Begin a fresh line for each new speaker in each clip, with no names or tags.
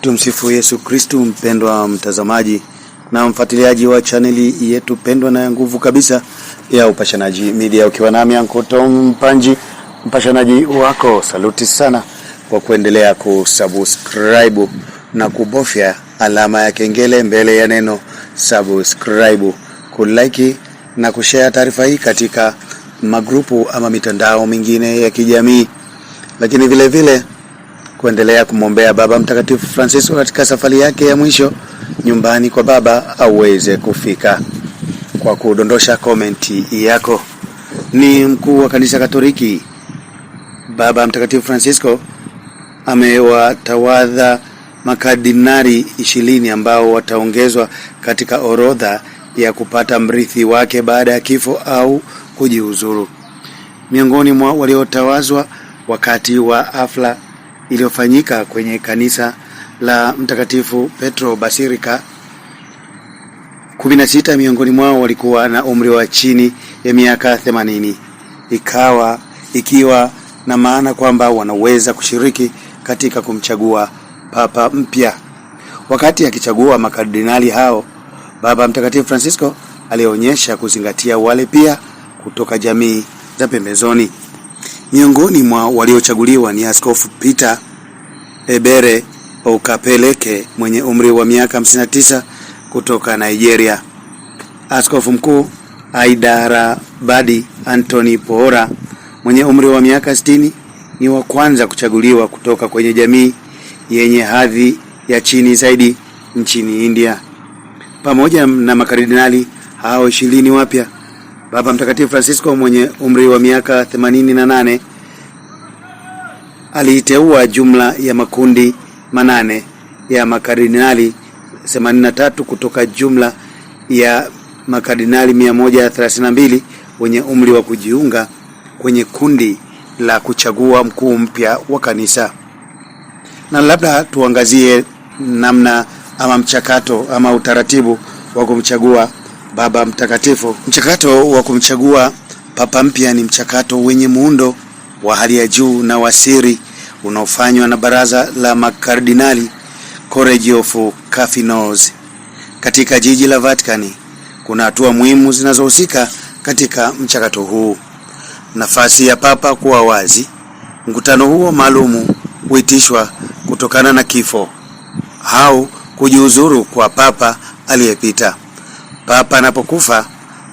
Tumsifu Yesu Kristu. Mpendwa mtazamaji na mfuatiliaji wa chaneli yetu pendwa na nguvu kabisa ya upashanaji media, ukiwa nami Ankoto Mpanji, mpashanaji wako, saluti sana kwa kuendelea kusubscribe na kubofya alama ya kengele mbele ya neno subscribe, kulike na kushare taarifa hii katika magrupu ama mitandao mingine ya kijamii, lakini vile vile kuendelea kumwombea Baba Mtakatifu Francisco katika safari yake ya mwisho nyumbani kwa Baba aweze kufika. Kwa kudondosha komenti yako, ni mkuu wa kanisa Katoliki Baba Mtakatifu Francisco amewatawadha makardinali ishirini ambao wataongezwa katika orodha ya kupata mrithi wake baada ya kifo au kujiuzuru. Miongoni mwa waliotawazwa wakati wa afla iliyofanyika kwenye kanisa la Mtakatifu Petro Basilica. kumi na sita miongoni mwao walikuwa na umri wa chini ya miaka themanini ikawa ikiwa na maana kwamba wanaweza kushiriki katika kumchagua papa mpya. Wakati akichagua makardinali hao, Baba Mtakatifu Francisco alionyesha kuzingatia wale pia kutoka jamii za pembezoni. Miongoni mwa waliochaguliwa ni Askofu Peter Ebere Okapeleke mwenye umri wa miaka 59 kutoka Nigeria, Askofu Mkuu Aidarabadi Anthony Poora mwenye umri wa miaka 60 ni wa kwanza kuchaguliwa kutoka kwenye jamii yenye hadhi ya chini zaidi nchini India. Pamoja na makardinali hao ishirini wapya Baba Mtakatifu Francisco mwenye umri wa miaka 88 aliiteua jumla ya makundi manane ya makardinali 83 kutoka jumla ya makardinali 132 wenye umri wa kujiunga kwenye kundi la kuchagua mkuu mpya wa kanisa. Na labda tuangazie namna ama mchakato ama utaratibu wa kumchagua Baba Mtakatifu. Mchakato wa kumchagua Papa mpya ni mchakato wenye muundo wa hali ya juu na wasiri unaofanywa na Baraza la Makardinali, College of Cardinals, katika jiji la Vatican. Kuna hatua muhimu zinazohusika katika mchakato huu. Nafasi ya Papa kuwa wazi. Mkutano huo maalumu huitishwa kutokana na kifo au kujiuzuru kwa Papa aliyepita papa anapokufa,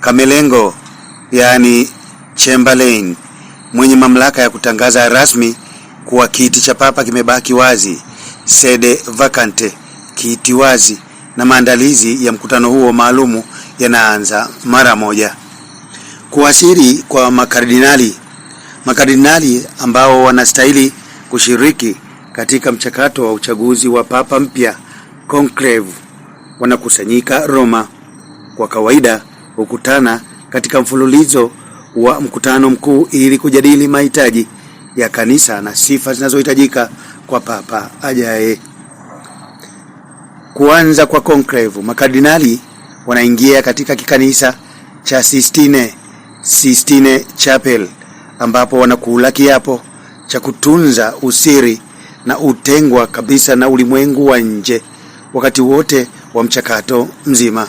kamelengo yaani Chamberlain mwenye mamlaka ya kutangaza rasmi kuwa kiti cha papa kimebaki wazi, sede vacante, kiti wazi, na maandalizi ya mkutano huo maalumu yanaanza mara moja. Kuwasili kwa makardinali. Makardinali ambao wanastahili kushiriki katika mchakato wa uchaguzi wa papa mpya conclave wanakusanyika Roma kwa kawaida hukutana katika mfululizo wa mkutano mkuu ili kujadili mahitaji ya kanisa na sifa zinazohitajika kwa papa ajaye. Kuanza kwa conclave, makardinali wanaingia katika kikanisa cha Sistine, Sistine Chapel ambapo wanakula kiapo cha kutunza usiri na utengwa kabisa na ulimwengu wa nje wakati wote wa mchakato mzima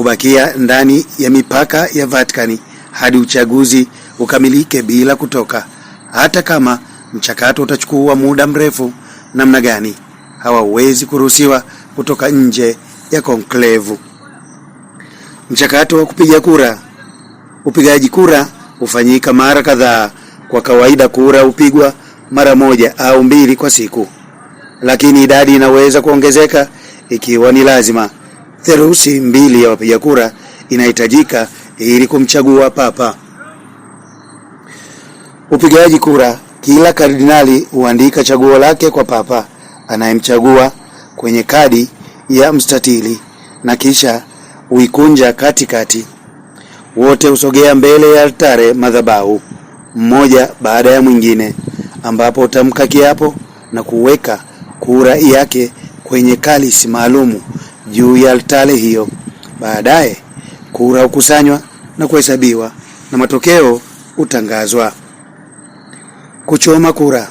kubakia ndani ya mipaka ya Vatikani hadi uchaguzi ukamilike bila kutoka, hata kama mchakato utachukua muda mrefu namna gani. Hawawezi kuruhusiwa kutoka nje ya konklevu. Mchakato wa kupiga kura. Upigaji kura hufanyika mara kadhaa. Kwa kawaida, kura hupigwa mara moja au mbili kwa siku, lakini idadi inaweza kuongezeka ikiwa ni lazima theluthi mbili ya wapiga kura inahitajika ili kumchagua papa. Upigaji kura, kila kardinali huandika chaguo lake kwa papa anayemchagua kwenye kadi ya mstatili na kisha huikunja katikati. Wote husogea mbele ya altare madhabahu, mmoja baada ya mwingine, ambapo hutamka kiapo na kuweka kura yake kwenye kalisi maalumu juu ya altare hiyo. Baadaye kura hukusanywa na kuhesabiwa na matokeo hutangazwa. Kuchoma kura.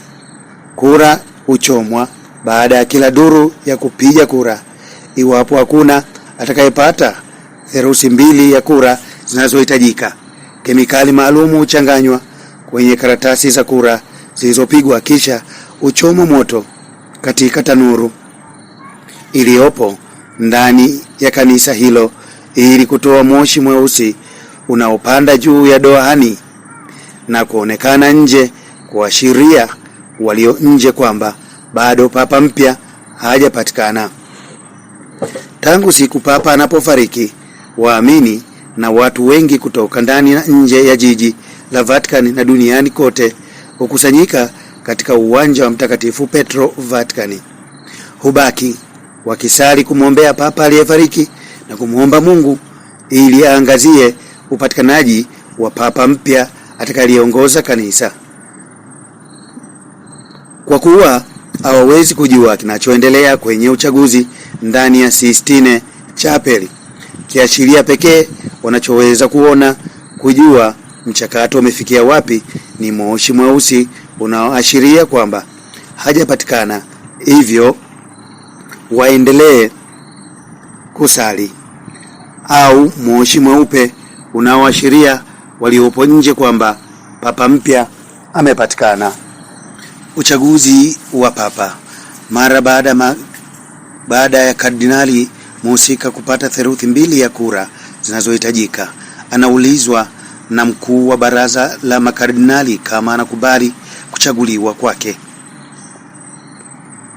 Kura huchomwa baada ya kila duru ya kupiga kura. Iwapo hakuna atakayepata theruthi mbili ya kura zinazohitajika, kemikali maalumu huchanganywa kwenye karatasi za kura zilizopigwa, kisha huchomwa moto katika tanuru iliyopo ndani ya kanisa hilo ili kutoa moshi mweusi unaopanda juu ya dohani na kuonekana nje kuashiria walio nje kwamba bado papa mpya hajapatikana. Tangu siku papa anapofariki, waamini na watu wengi kutoka ndani na nje ya jiji la Vatican na duniani kote hukusanyika katika uwanja wa Mtakatifu Petro Vatican hubaki wakisali kumwombea papa aliyefariki na kumwomba Mungu ili aangazie upatikanaji wa papa mpya atakayeongoza kanisa, kwa kuwa hawawezi kujua kinachoendelea kwenye uchaguzi ndani ya Sistine Chapel. Kiashiria pekee wanachoweza kuona kujua mchakato umefikia wapi ni moshi mweusi unaoashiria kwamba hajapatikana hivyo waendelee kusali au moshi mweupe unaoashiria waliopo nje kwamba papa mpya amepatikana. Uchaguzi wa papa mara baada ma, baada ya kardinali mhusika kupata theluthi mbili ya kura zinazohitajika anaulizwa na mkuu wa baraza la makardinali kama anakubali kuchaguliwa kwake.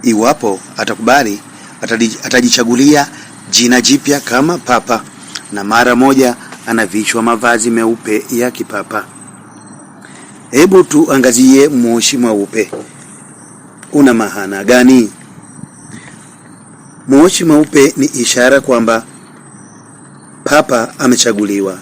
Iwapo atakubali atajichagulia jina jipya kama papa na mara moja anavishwa mavazi meupe ya kipapa. Hebu tuangazie moshi mweupe una maana gani? Moshi mweupe ni ishara kwamba papa amechaguliwa.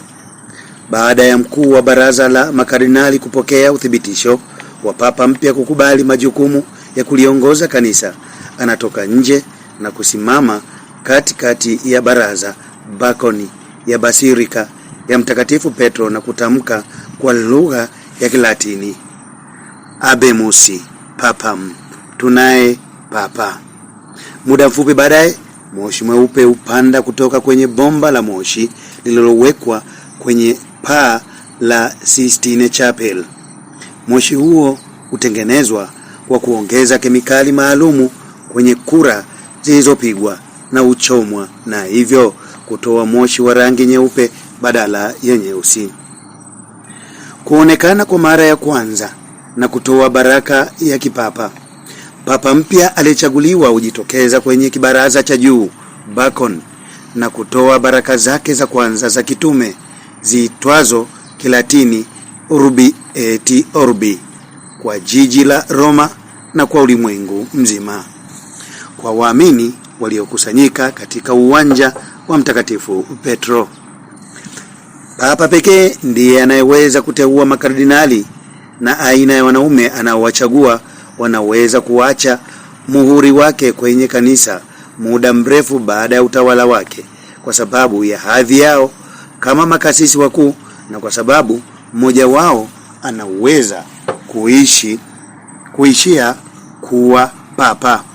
Baada ya mkuu wa baraza la makardinali kupokea uthibitisho wa papa mpya kukubali majukumu ya kuliongoza kanisa, anatoka nje na kusimama katikati kati ya baraza bakoni ya basirika ya Mtakatifu Petro na kutamka kwa lugha ya Kilatini, abemusi papam, tunaye papa. Muda mfupi baadaye moshi mweupe upanda kutoka kwenye bomba la moshi lililowekwa kwenye paa la Sistine Chapel. Moshi huo hutengenezwa kwa kuongeza kemikali maalumu kwenye kura zilizopigwa na uchomwa na hivyo kutoa moshi wa rangi nyeupe badala ya nyeusi. Kuonekana kwa mara ya kwanza na kutoa baraka ya kipapa. Papa mpya aliyechaguliwa hujitokeza kwenye kibaraza cha juu balcony na kutoa baraka zake za kwanza za kitume ziitwazo Kilatini Urbi et Orbi kwa jiji la Roma na kwa ulimwengu mzima kwa waamini waliokusanyika katika uwanja wa Mtakatifu Petro. Papa pekee ndiye anayeweza kuteua makardinali na aina ya wanaume anaowachagua wanaweza kuacha muhuri wake kwenye kanisa muda mrefu baada ya utawala wake kwa sababu ya hadhi yao kama makasisi wakuu na kwa sababu mmoja wao anaweza kuishi kuishia kuwa papa.